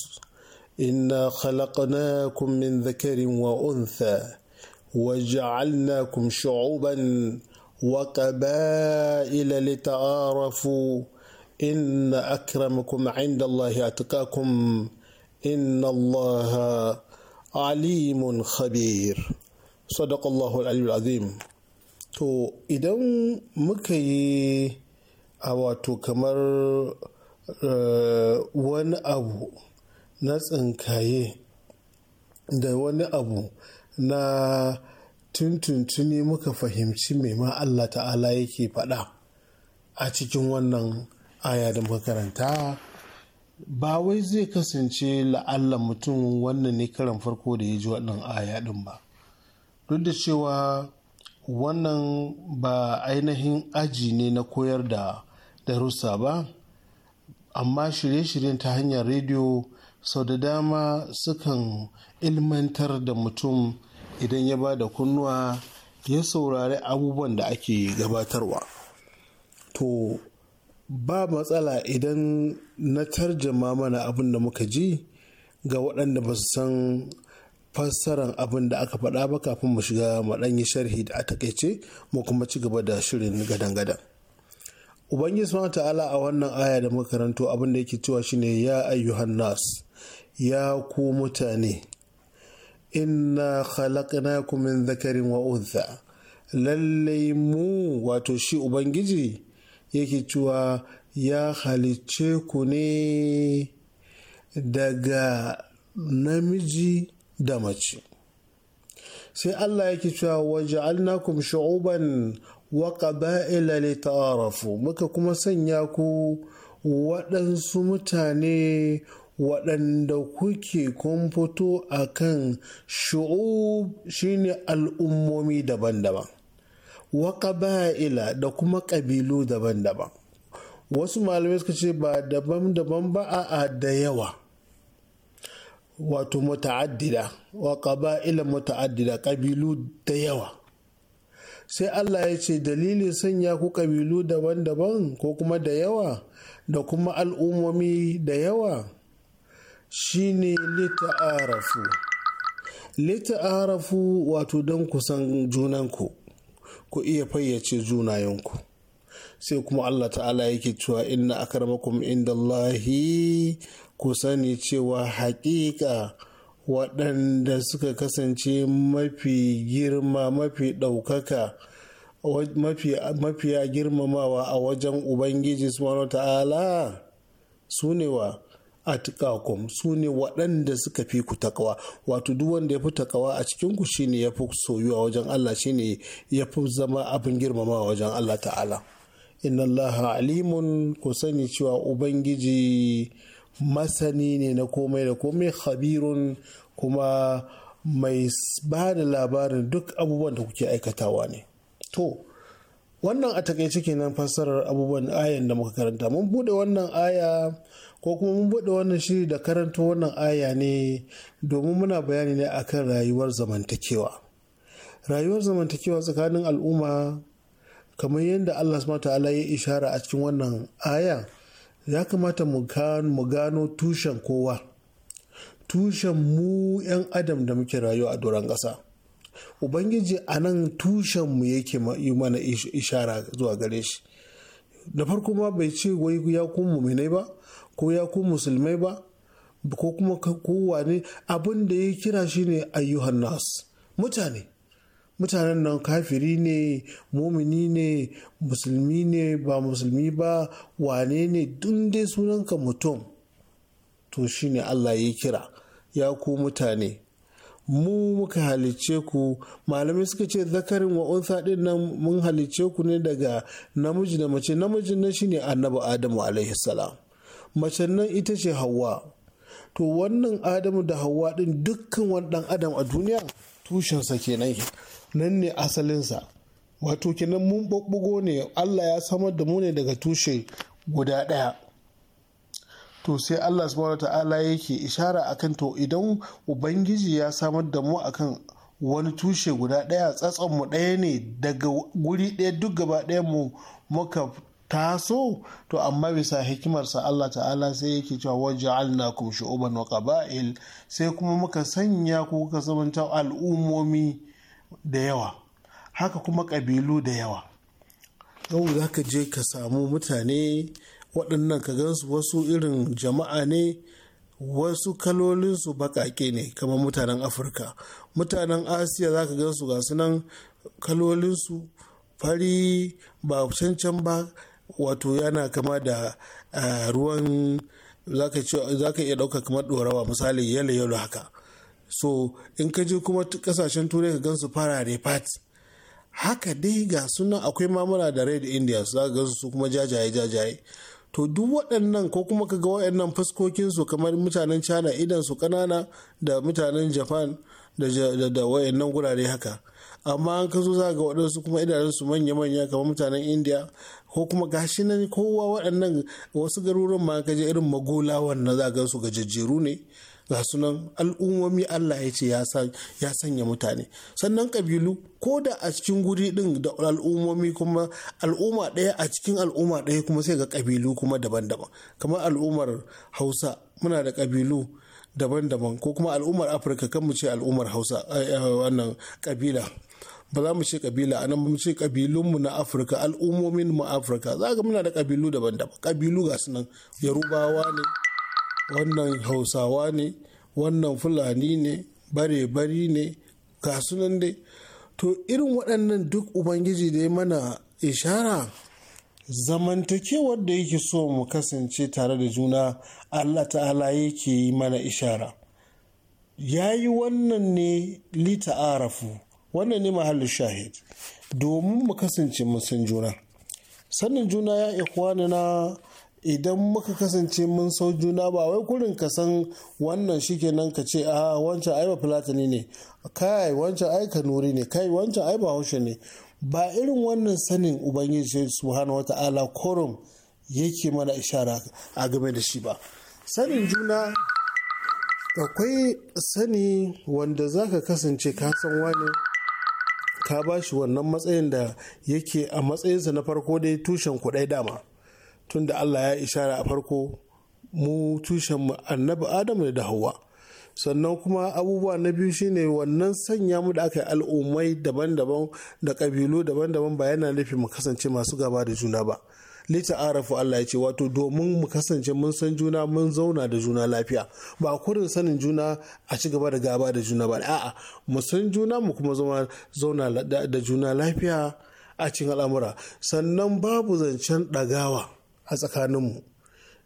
inna khalaqnakum min dhakarin wa untha وجعلناكم شعوبا وقبائل لتعارفوا إن أكرمكم عند الله أتقاكم إن الله عليم خبير صدق الله العلي العظيم to idan muka yi a wato kamar wani abu na tsinkaye da wani abu na tuntuntuni muka fahimci mai ma Allah ta'ala yake faɗa a cikin wannan aya da makaranta ba wai zai kasance la'alla mutum wannan ne karan farko da ya ji wannan aya ɗin ba duk da cewa wannan ba ainihin aji ne na koyar da darussa ba amma shirye-shiryen ta hanyar rediyo sau da dama sukan ilmantar da mutum idan ya ba da kunnuwa ya saurari abubuwan da ake gabatarwa to ba matsala idan na tarjama mana abin da muka ji ga waɗanda ba su san fassaran abin da aka faɗa ba kafin mu shiga maɗanyi sharhi da a takaice mu kuma ci gaba da shirin gadan-gadan. ubangiji subhanahu ta'ala a wannan aya da muka abin da yake cewa shine ya ayyuhan nas ya ku mutane inna khalaqnakum min dhakarin wa untha lallai mu wato shi ubangiji yake cewa ya halicce ku ne daga namiji da mace sai Allah yake cewa waje'alnakum shu'uban wa qaba'ila ta'arafu muka kuma sanya ku waɗansu mutane waɗanda kuke kun fito a kan shu'ub shine al'ummomi daban-daban wa ƙaba'ila da kuma ƙabilu daban-daban wasu malamai suka ce ba daban-daban ba a da yawa wato muta'addida wa ƙaba'ila muta'addida ƙabilu da yawa sai Allah ya ce dalilin sanya ku ƙabilu daban-daban ko kuma da yawa da kuma al'ummomi da yawa Shi ne lita'arafu lita'arafu wato don kusan junanku ku iya fayyace junayenku sai kuma Allah ta'ala yake cewa inna akarmakum Allahi ku sani cewa haƙiƙa waɗanda suka kasance mafi girma mafi ɗaukaka mafiya girmamawa a wajen ubangiji subhanahu ta'ala su ne wa atqakum su ne waɗanda suka fi ku takawa wato duk wanda ya fi takawa a cikin ku shine ya fi soyuwa wajen Allah shine ya fi zama abin girmamawa wajen Allah ta'ala inna Allah alimun ku sani cewa ubangiji masani ne na komai da komai habirun kuma mai ba da labarin duk abubuwan da kuke aikatawa ne to wannan a takaice kenan fassarar abubuwan ayan da muka karanta mun bude wannan aya ko kuma mun bude wannan shiri da karanta wannan aya ne domin muna bayani ne akan rayuwar zamantakewa rayuwar zamantakewa tsakanin al'umma kamar yadda Allah subhanahu ta'ala ya ishara a cikin wannan ayan ya kamata mu gano tushen kowa tushen mu 'yan adam da muke rayuwa a doron ƙasa ubangiji a nan tushen mu yake yi mana ishara zuwa gare shi da farko ma bai ce wai ya ku muminai ba ko ya ku musulmai ba ko kuma kowa ne abin da ya kira shi ne ayyuhan nas mutane mutanen nan kafiri ne mumini ne musulmi ne ba musulmi ba wane ne dai sunanka mutum to shine allah ya kira ya ku mutane mu muka halicce ku malamai suka ce zakarin wa unsa din nan mun halicce ku ne daga namiji da mace namijin nan shine annabi adamu alaihi salam mace nan ita ce hawa to wannan adamu da hawa din dukkan wani dan adam a duniya tushensa kenan nan ne asalinsa wato kenan mun ɓaɓɓugo ne allah ya samar da mu ne daga tushe guda ɗaya to sai allah subhanahu ta'ala yake ishara akan to idan ubangiji ya samar da mu akan wani tushe guda ɗaya tsatson mu ɗaya ne daga guri ɗaya duk gaba ɗaya mu muka taso to amma bisa hikimarsa Allah ta'ala sai yake cewa kuma shu'uban wa qaba'il sai kuma muka sanya ku kuka zamanta al'ummomi da yawa haka kuma ƙabilu da yawa yau za ka je ka samu mutane waɗannan ka gansu wasu irin jama'a ne wasu kalolinsu baƙaƙe ne kamar mutanen afirka mutanen asiya za ka gansu ga nan kalolinsu fari ba cancan ba wato yana kama da eh, ruwan za ka iya ɗauka kamar ɗorawa misali yalo-yalo haka so in ka je kuma kasashen turai ka gan su farare fat haka dai ga sunan akwai mamura da red india su gansu su kuma jajaye jajaye to duk waɗannan ko kuma ka ga waɗannan fuskokin su kamar mutanen china idan su kanana da mutanen japan da da waɗannan gurare haka amma an ka zo za ga waɗansu kuma idanunsu manya-manya kamar mutanen india ko kuma gashi nan kowa waɗannan wasu garuruwan ma ka je irin magola na za ga su ne ga sunan al'ummomi Allah ya ce ya sanya mutane sannan kabilu ko da a cikin guri din da al'ummomi kuma al'umma ɗaya a cikin al'umma ɗaya kuma sai ga kabilu kuma daban-daban kamar al'ummar hausa muna da kabilu daban-daban ko kuma al'ummar afirka kan mu ce al'ummar hausa eh, eh, wannan kabila ba za mu ce kabila anan mu ce kabilunmu na afirka al'ummomin mu afirka za ga muna da kabilu daban-daban kabilu ga sunan yarubawa ne wannan hausawa ne wannan fulani ne bare bari ne gasunan dai to irin waɗannan duk ubangiji da ya mana ishara zamantakewar da yake so mu kasance tare da juna allah ta'ala yake yi mana ishara ya yi wannan ne arafu, wannan ne mahallin shahid domin mu kasance musan juna sannin juna ya na idan muka kasance mun sau juna ba wai kurin ka san wannan shikenan ka ce a wancan aiba fulatani ne kai wancan ai kanuri ne kai wancan aiba haushe ne ba irin wannan sanin ubangiji subhanahu wata'ala korum yake mana ishara a game da shi ba sanin juna akwai sani wanda zaka kasance ka san wani ka ba shi wannan matsayin da yake a matsayinsa na farko dai tushen kuɗai dama tunda Allah ya ishara a farko mu tushen annabi Adamu da Hauwa. sannan kuma abubuwa na biyu shine wannan sanya mu da aka yi al'ummai daban-daban da ƙabilu daban-daban ba yana nufin mu kasance masu gaba da juna ba lita arafu Allah ya ce wato domin mu kasance mun san juna mun zauna da juna lafiya ba kurin sanin juna a ci gaba da gaba da juna ba a'a mu san juna mu kuma zauna da juna lafiya a cikin al'amura sannan babu zancen dagawa. a tsakaninmu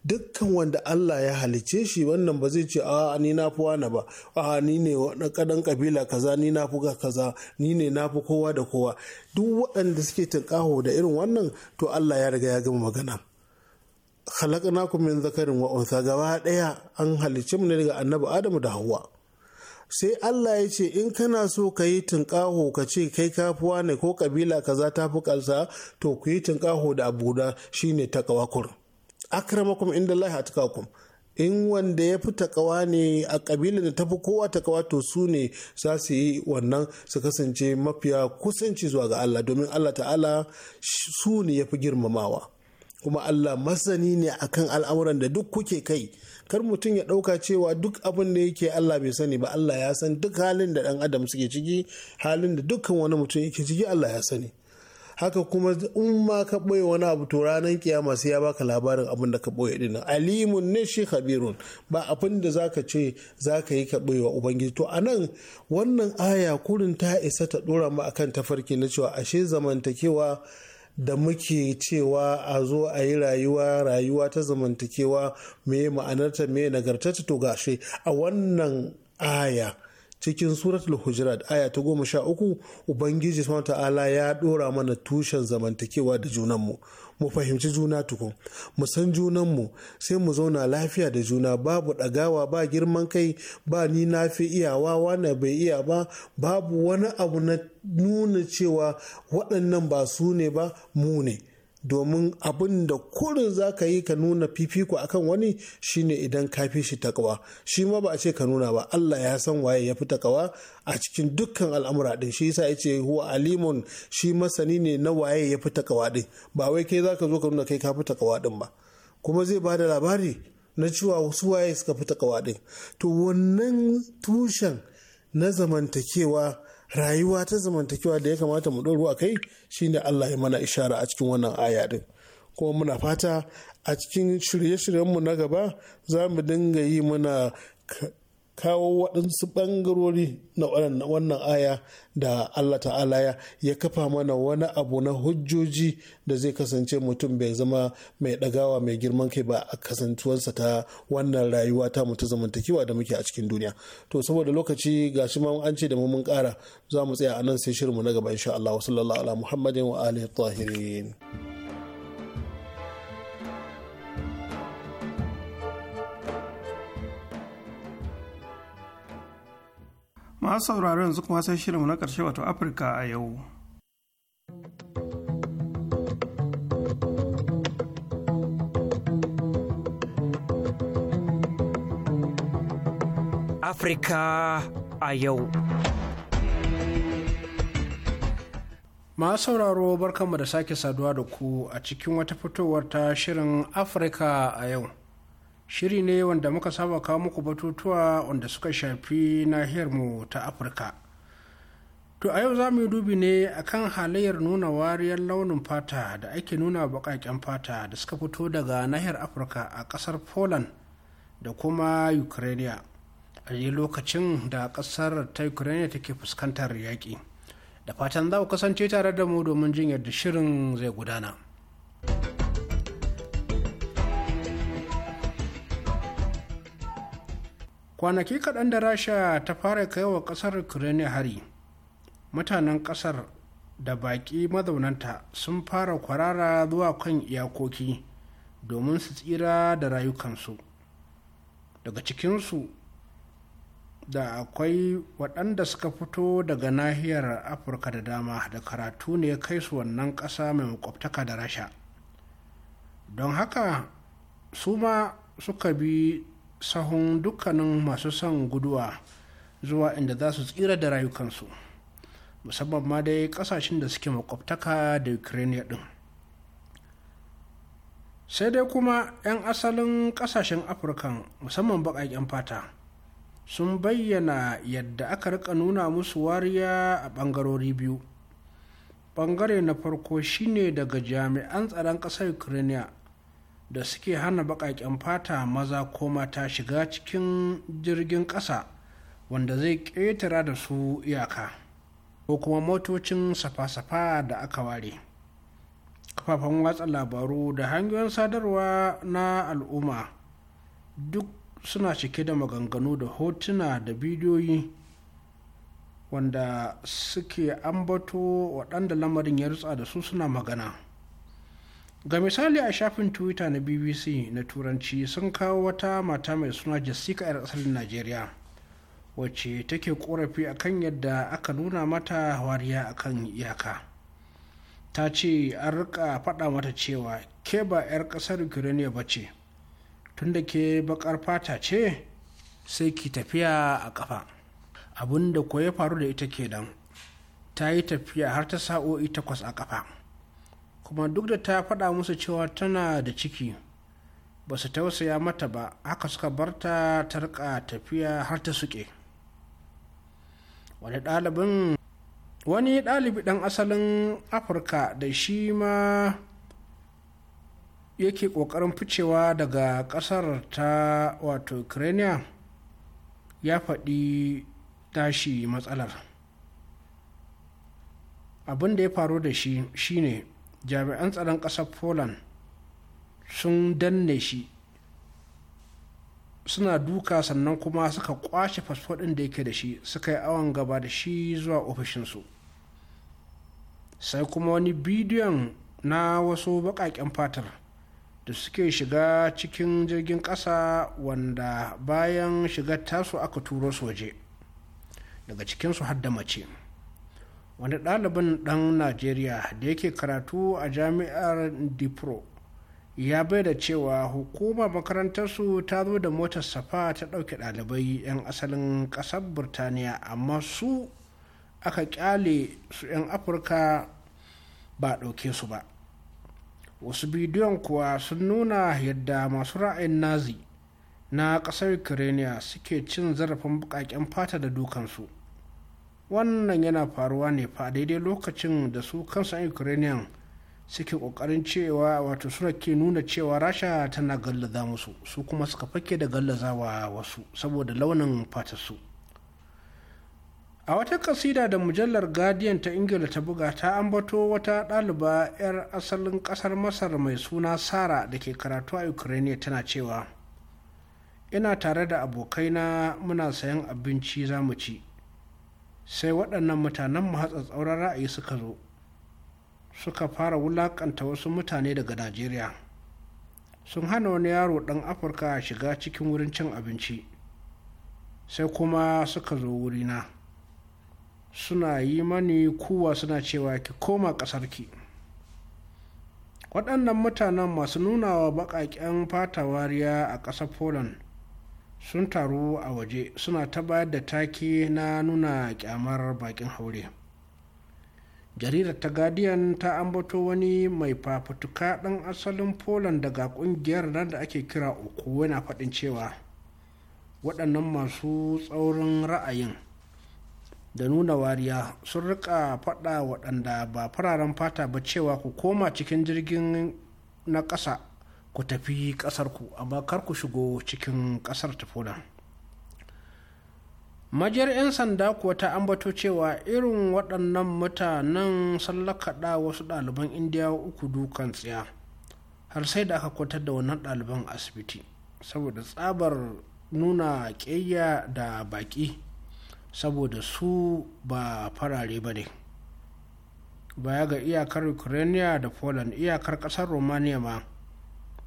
dukkan wanda Allah ya halice shi wannan ba zai ce a ni na fi wani ba a ni ne na kadan kabila kaza ni na fi kaza ni ne na fi kowa da kowa duk waɗanda suke tunƙaho da irin wannan to Allah ya riga ya gama magana khalaqnakum min zakarin wa gaba daya an halice mu ne daga annabi Adamu da hawa sai Allah ya ce in kana so ka yi tunƙaho ka ce kai kafuwa ne ko kabila kaza ta fi kalsa to ku yi tunƙaho da abu guda shine takawakur akramakum inda a atqakum in wanda ya fi takawa ne a kabilar da ta fi kowa takawa to su ne za su yi wannan su kasance mafiya kusanci zuwa ga Allah domin Allah ta'ala su ne ya fi girmamawa kuma Allah masani ne akan al'amuran da duk kuke kai kar mutum ya ɗauka cewa duk abin da yake Allah bai sani ba Allah ya san duk halin da ɗan adam suke ciki halin da dukkan wani mutum yake ciki Allah ya sani haka kuma in ma ka ɓoye wani abu to ranar kiyama sai ya baka labarin abin da ka ɓoye dinnan alimun ne shi khabirun ba abin da zaka ce zaka yi ka ɓoye wa ubangiji to anan wannan aya kurin ta isa ta dora mu akan tafarki na cewa ashe zamantakewa da muke cewa a zo a yi rayuwa rayuwa ta zamantakewa me ma'anarta me nagartata to gashe a wannan aya cikin suratul hujurat aya ta goma sha uku ubangiji sama ta'ala ya dora mana tushen zamantakewa da junanmu mu fahimci juna tukun mu san junanmu sai mu zauna lafiya da juna babu ɗagawa ba girman kai ba ni na fi iyawa wani bai iya ba babu wani abu na nuna cewa waɗannan ba su ne ba mu ne domin abin da kurin za ka yi ka nuna fifiko akan wani shine idan ka fi shi takawa shi ma ba a ce ka nuna ba Allah ya san waye ya fi takawa a cikin dukkan al'amura din shi yasa yace huwa alimun shi masani ne na waye ya fi takawa din ba wai kai za ka zo ka nuna kai ka fi takawa din ba kuma zai ba da labari na cewa wasu waye suka fi takawa din to wannan tushen na zamantakewa rayuwa ta zamantakewa da ya kamata mu ɗoro a kai shine Allah ya mana ishara a cikin wannan aya din kuma muna fata a cikin shirye-shiryenmu na gaba za mu dinga yi muna kawo waɗansu ɓangarori na wannan aya da Allah ta'ala ya kafa mana wani abu na hujjoji da zai kasance mutum bai zama mai ɗagawa mai girman kai ba a kasantuwarsa ta wannan rayuwa ta mutu zamantakewa da muke a cikin duniya to saboda lokaci ga shi ma an ce da mu mun kara za mu tsaya a nan sai shirinmu na gaba insha Allah wa sallallahu ala muhammadin wa alihi tahirin masu sauraro yanzu kuma sai shirinmu na ƙarshe wato afirka a yau afirka a yau masu sauraro barkanmu da sake saduwa da ku a cikin wata fitowar ta shirin afirka a yau shiri ne wanda muka saba kawo muku batutuwa wanda suka shafi nahiyarmu ta afirka to a yau za mu yi dubi ne akan halayyar nuna wariyar launin fata da ake nuna baƙaƙen fata da suka fito daga nahiyar afirka a ƙasar poland da kuma ukraine a lokacin da ƙasar ta ukraine take fuskantar yaƙi da fatan za ku kasance tare da mu domin jin yadda shirin zai gudana. kwanaki kaɗan da rasha ta fara kai wa ƙasar ukraine hari mutanen ƙasar da baƙi mazaunanta sun fara kwarara zuwa kan iyakoki domin su tsira da rayukansu daga cikinsu da akwai waɗanda suka fito daga nahiyar afirka da dama da karatu ne kai su wannan ƙasa mai makwabtaka da rasha don haka su ma suka bi sahun dukkanin masu son guduwa zuwa inda za su tsira da rayukansu musamman ma dai kasashen da suke makwabtaka da ukraine din sai dai kuma 'yan asalin kasashen afirka musamman baƙaƙen fata sun bayyana yadda aka rika nuna musu wariya a ɓangarori biyu ɓangare na farko shine daga jami'an tsaron ƙasar ukraine da suke hana baƙaƙen fata maza ko mata shiga cikin jirgin ƙasa wanda zai ƙetara da su iyaka ko kuma motocin safa-safa da aka ware kafafen watsa labaru da hanyoyin sadarwa na al'umma duk suna cike da maganganu da hotuna da bidiyoyi wanda suke ambato waɗanda lamarin ya rutsa da su suna magana. ga misali a shafin twitter na bbc na turanci sun kawo wata mata mai suna jessica 'yar ƙasar najeriya wacce take korafi akan yadda aka nuna mata wariya akan iyaka ta ce an rika faɗa mata cewa ke ba 'yar ƙasar ukraine ba ce tunda ke bakar fata ce sai ki tafiya a ƙafa abinda ko ya faru da ita kenan ta yi tafiya har ta sa'o'i takwas a ƙafa kuma duk da ta faɗa musu cewa tana da ciki ba su tausaya mata ba haka suka barta ta riƙa tafiya har ta suke wani ɗalibin wani ɗalibi ɗan asalin afirka da shi ma yake ƙoƙarin ficewa daga ƙasar ta wato ukraine ya faɗi tashi matsalar abin da ya faru da shi shine jami'an tsaron ƙasar poland sun danne shi suna duka sannan kuma suka kwashe fasfodin da yake da shi suka yi awon gaba da shi zuwa ofishinsu sai kuma wani bidiyon na wasu baƙaƙen fatar da suke shiga cikin jirgin ƙasa wanda bayan shiga tasu aka turo su waje daga cikinsu har da mace wani ɗalibin ɗan najeriya da yake karatu a jami'ar dipro ya da cewa hukuma makarantarsu ta zo da motar safa ta ɗauke ɗalibai 'yan asalin ƙasar burtaniya amma su aka ƙyale su 'yan afirka ba ɗauke su ba wasu bidiyon kuwa sun nuna yadda masu ra'ayin nazi na ƙasar ukraine suke cin zarafin buƙaƙen fata da dukansu wannan yana faruwa ne fa daidai lokacin da su kansu ukrainian suke kokarin cewa wato suna ke nuna cewa rasha tana gallaza musu su kuma suka fake da gallazawa wasu saboda launin fatarsu a wata kasida da mujallar guardian ta ingila ta buga ta ambato wata ɗaliba 'yar asalin ƙasar masar mai suna sara da ke karatu a ukraine tana cewa ina tare da abokaina muna sayan abinci za mu ci sai waɗannan mutanen tsauran ra'ayi suka zo suka fara wulaƙanta wasu mutane daga najeriya sun hana wani yaro ɗan afirka a shiga cikin wurin cin abinci sai kuma suka zo wurina suna yi mani kuwa suna cewa ki koma ƙasar ki. waɗannan mutanen masu nunawa baƙaƙen fata wariya a ƙasar poland sun taru a waje suna ta bayar da taki na nuna kyamar bakin haure jaridar ta guardian ta ambato wani mai fafutuka ɗan asalin poland daga ƙungiyar nan da ake kira uku yana faɗin cewa waɗannan masu tsaurin ra'ayin da nuna wariya sun rika faɗa waɗanda ba fararen fata ba cewa ku koma cikin jirgin na ƙasa ku tafi ku amma kar ku shigo cikin ƙasar tafuna majiyar 'yan sanda kuwa ta ambato cewa irin waɗannan mutanen sallakaɗa wasu ɗaliban indiya uku dukan tsiya har sai da aka kwatar da wannan ɗaliban asibiti saboda tsabar nuna ƙeya da baƙi saboda su ba farare ba ne baya ga iyakar ukraine da poland iyakar ƙasar romania ma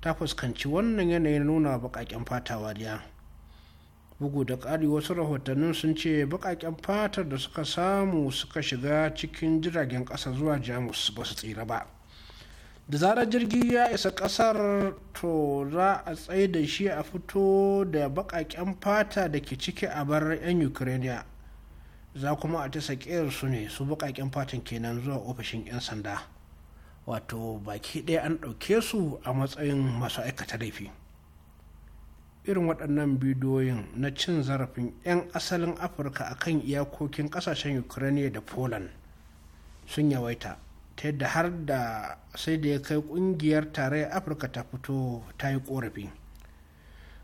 ta fuskanci wannan yanayin nuna baƙaƙen fata wariya bugu da ƙari wasu rahotannin sun ce baƙaƙen fatar da suka samu suka shiga cikin jiragen ƙasa zuwa jamus ba su tsira ba da zarar jirgi ya isa ƙasar to za a tsaye da shi a fito da baƙaƙen fata da ke ciki a bar 'yan ukraine za kuma a ta su ne su baƙaƙen fatan kenan zuwa ofishin 'yan sanda wato baki ɗaya an ɗauke su a matsayin masu aikata laifi irin waɗannan bidiyoyin na cin zarafin 'yan asalin afirka a kan iyakokin ƙasashen ukraine da poland sun yawaita ta yadda har da sai da ya kai ƙungiyar tarayyar afirka ta fito ta yi ƙorafi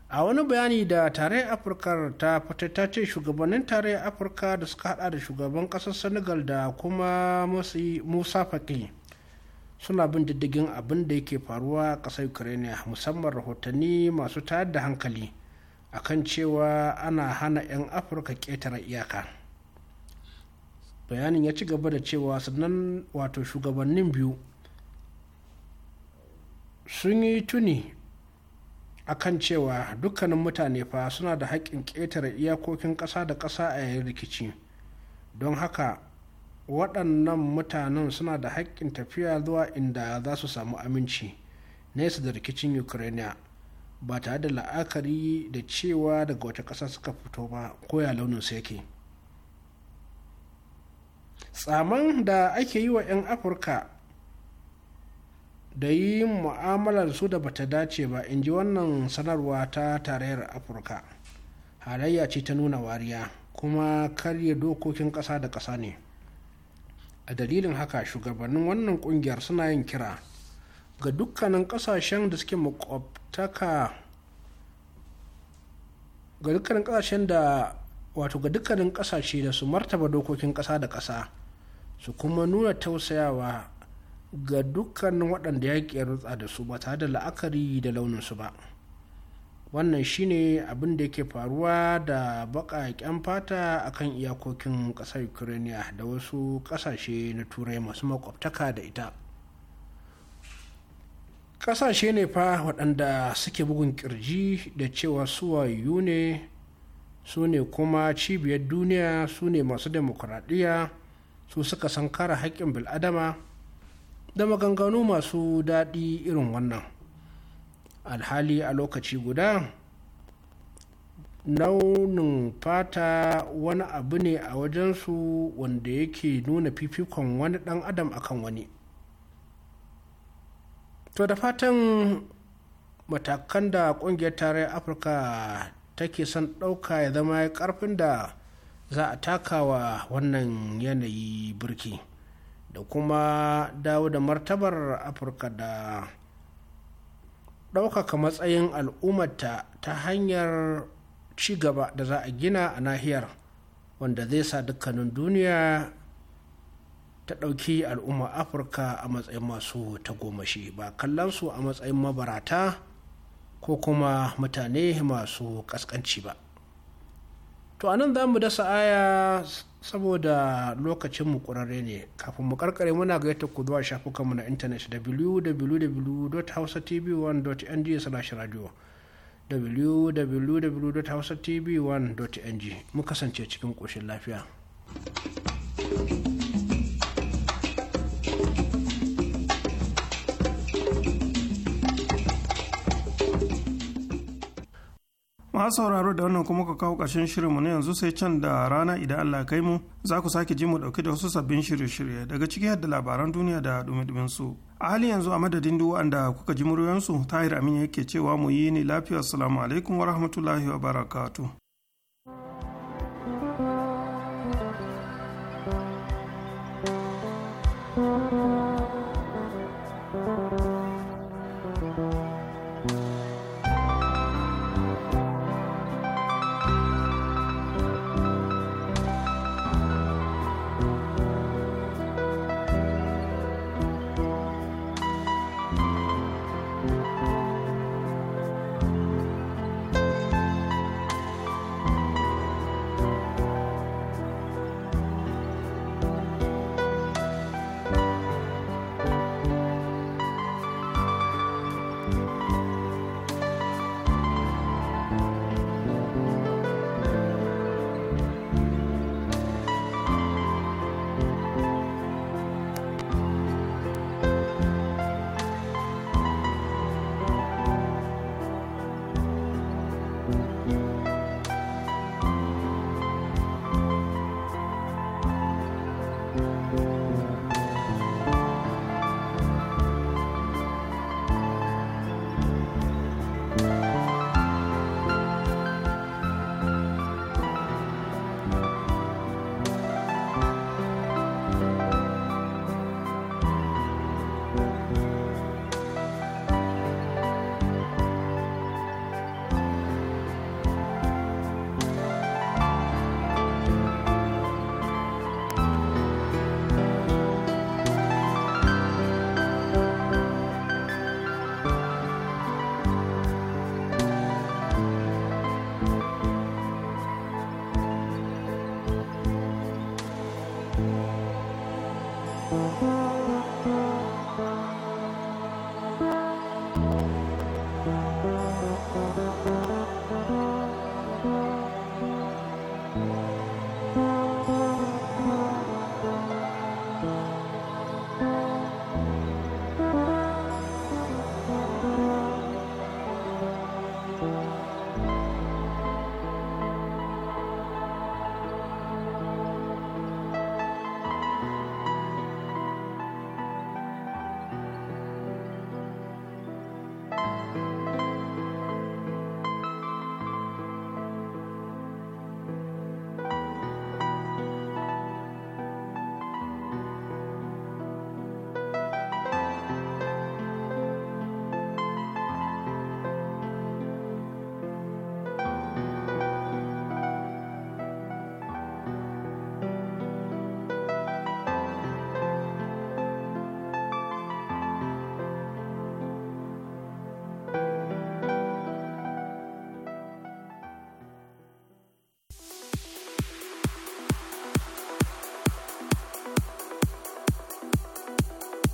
a wani bayani da tarayyar afirka ta fita ta ce shugabannin tarayyar afirka da suka hada da shugaban ƙasar senegal da kuma musa faki suna bin diddigin abin da yake faruwa a ƙasar ukraine musamman rahotanni masu tayar da hankali akan cewa ana hana 'yan afirka ƙetare iyaka bayanin ya ci gaba da cewa sannan wato shugabannin biyu sun yi tuni akan cewa dukkanin mutane fa suna da haƙƙin ƙetare iyakokin ƙasa da ƙasa a yayin rikici don haka waɗannan mutanen suna da haƙƙin tafiya zuwa inda za su samu aminci nesa da rikicin ukraine ba tare da la'akari da cewa daga wata ƙasa suka fito ba ko ya launin su yake tsaman da ake yi wa 'yan afirka da yi mu'amalar su da bata dace ba in ji wannan sanarwa ta tarayyar afirka halayya ce ta nuna wariya kuma karya dokokin ƙasa da ƙasa ne a dalilin haka shugabannin wannan kungiyar suna yin kira ga dukkanin kasashen da suke makwabtaka ga dukkanin kasashen da wato ga dukkanin kasashe da su martaba dokokin kasa da kasa su kuma nuna tausayawa ga dukkanin waɗanda ya rutsa da su ba tare da la'akari da launinsu ba. wannan shine abin da yake faruwa da baƙaƙen fata a kan iyakokin ƙasar ukraine da wasu ƙasashe na turai masu makwabtaka da ita ƙasashe ne fa waɗanda suke bugun ƙirji da cewa yu ne su ne kuma cibiyar duniya su ne masu demokuraɗiyya su suka san kara haƙƙin bil'adama da maganganu masu daɗi irin wannan alhali a lokaci guda naunin fata wani abu ne a wajensu wanda yake nuna fifikon wani dan adam akan wani to da fatan matakan da ƙungiyar tarayyar afirka take son ɗauka ya zama ƙarfin da za a takawa wannan yanayi birki da kuma dawo da martabar afirka da ɗaukaka matsayin al'ummarta ta hanyar ci gaba da za a gina a nahiyar wanda zai sa dukkanin duniya ta ɗauki al'ummar afirka a matsayin masu tagomashi ba kallon su a matsayin mabarata ko kuma mutane masu ƙasƙanci ba to anan za mu dasa aya saboda lokacin mu kurare ne kafin mu karkare muna gaita ku zuwa shafukanmu na intanet www.hausatv1.ng/radio www.hausatv1.ng mu kasance cikin koshin lafiya. masu sauraro da wannan kuma ka kawo ƙarshen shirinmu na yanzu sai can da rana idan Allah kai mu za ku sake ji mu ɗauki da wasu sabbin shirye-shirye daga ciki yadda labaran duniya da dumi su. A halin yanzu a madadin duk wanda kuka ji su Tahir Amin yake cewa mu yi ni lafiya assalamu alaikum wa rahmatullahi wa barakatuh.